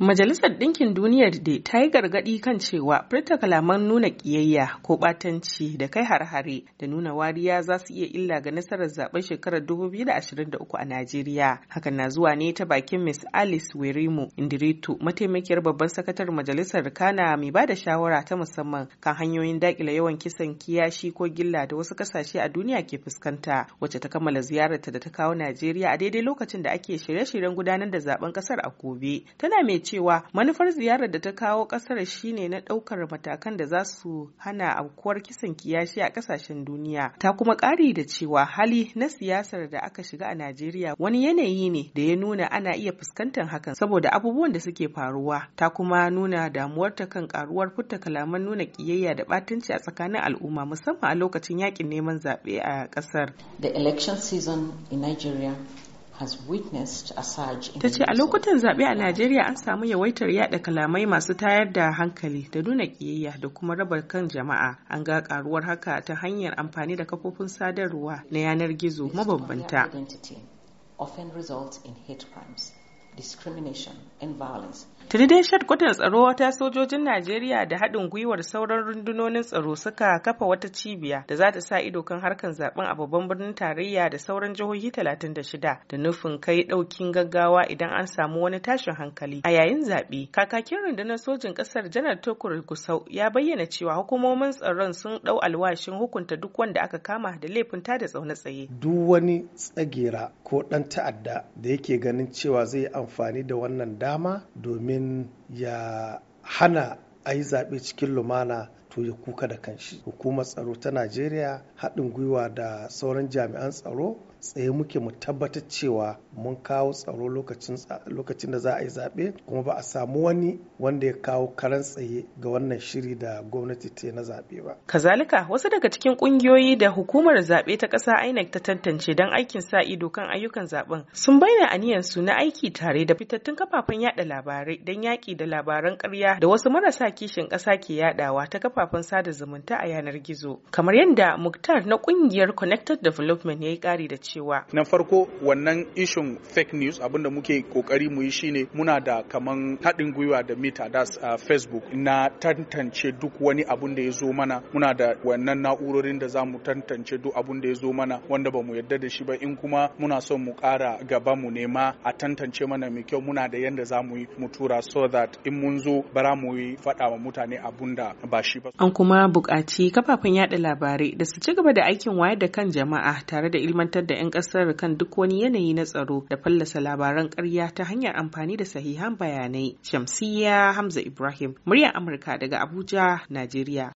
Majalisar Ɗinkin Duniya da ta yi gargaɗi kan cewa furta kalaman nuna ƙiyayya ko ɓatanci da kai har-hare da nuna wariya za su iya illa ga nasarar zaben shekarar 2023 a Najeriya. Hakan na zuwa ne ta bakin Miss Alice Werimu Indiritu, mataimakiyar babban sakatar majalisar Kana mai ba da shawara ta musamman kan hanyoyin daƙile yawan kisan kiyashi ko gilla da wasu ƙasashe a duniya ke fuskanta, wacce ta kammala ziyararta da ta kawo Najeriya a daidai lokacin da ake shirye-shiryen gudanar da zaben ƙasar a gobe. Tana mai cewa manufar ziyarar da ta kawo kasar shine na daukar matakan da za su hana aukuwar kisan kiyashi a kasashen duniya ta kuma kari da cewa hali na siyasar da aka shiga a najeriya wani yanayi ne da ya nuna ana iya fuskantar hakan saboda abubuwan da suke faruwa ta kuma nuna damuwar ta kan karuwar furta kalaman nuna kiyayya da batanci a tsakanin al'umma musamman a lokacin yakin neman zaɓe a kasar the election season in nigeria Ta ce a lokutan zaɓe a Najeriya an samu yawaitar yaɗa kalamai masu tayar da hankali da nuna ƙiyayya da kuma raba kan jama'a. An ga ƙaruwar haka ta hanyar amfani da kafofin sadarwa na yanar gizo mabambanta. discrimination and violence Trinidad kwatar tsaro ta sojojin Najeriya da haɗin gwiwar sauran rundunonin tsaro suka kafa wata cibiya da za ta sa ido kan harkar zaben a babban birnin tarayya da sauran jihohi 36 da nufin kai ɗaukin gaggawa idan an samu wani tashin hankali. A yayin zaɓe, kakakin rundunar sojin ƙasar Janar Tokur Gusau ya bayyana cewa hukumomin tsaron sun ɗau alwashin hukunta duk wanda aka kama da laifin tada tsaune tsaye. Duk wani tsagera ko ɗan ta'adda da yake ganin cewa zai amfani da wannan dama domin domin ya hana a yi zaɓe cikin lumana to ya kuka da kanshi hukumar tsaro ta najeriya haɗin gwiwa da sauran jami'an tsaro tsaye muke mu tabbatar cewa mun kawo tsaro lokacin da za a yi zaɓe kuma ba a samu wani wanda ya kawo karan tsaye ga wannan shiri da gwamnati ta na zaɓe ba. Kazalika wasu daga cikin ƙungiyoyi da hukumar zaɓe ta ƙasa INEC ta tantance don aikin sa ido kan ayyukan zaɓen sun bayyana su na aiki tare da fitattun kafafen yaɗa labarai don yaƙi da labaran ƙarya da wasu marasa kishin ƙasa ke yaɗawa ta kafa kafafen sada zumunta a yanar gizo kamar yadda muktar na kungiyar connected development ya yi kari da cewa na farko wannan ishin fake news abinda muke kokari mu yi shine muna da kaman haɗin gwiwa da meta da uh, facebook na tantance duk wani abun da ya zo mana muna da wannan na'urorin da za mu tantance duk abun da ya zo mana wanda ba mu yarda da shi ba in kuma muna son mu ƙara gaba mu nema a tantance mana mai kyau muna da yadda za mu yi mu tura so that in mun zo bara mu yi faɗa wa mutane abun da ba shi ba An kuma buƙaci kafafen yada labarai da su ci gaba da aikin wayar da kan jama'a tare da ilmantar da 'yan ƙasar kan duk wani yanayi na tsaro da fallasa labaran ƙarya ta hanyar amfani da sahihan bayanai. Shamsiyya Hamza Ibrahim, muryar Amurka daga Abuja, Najeriya.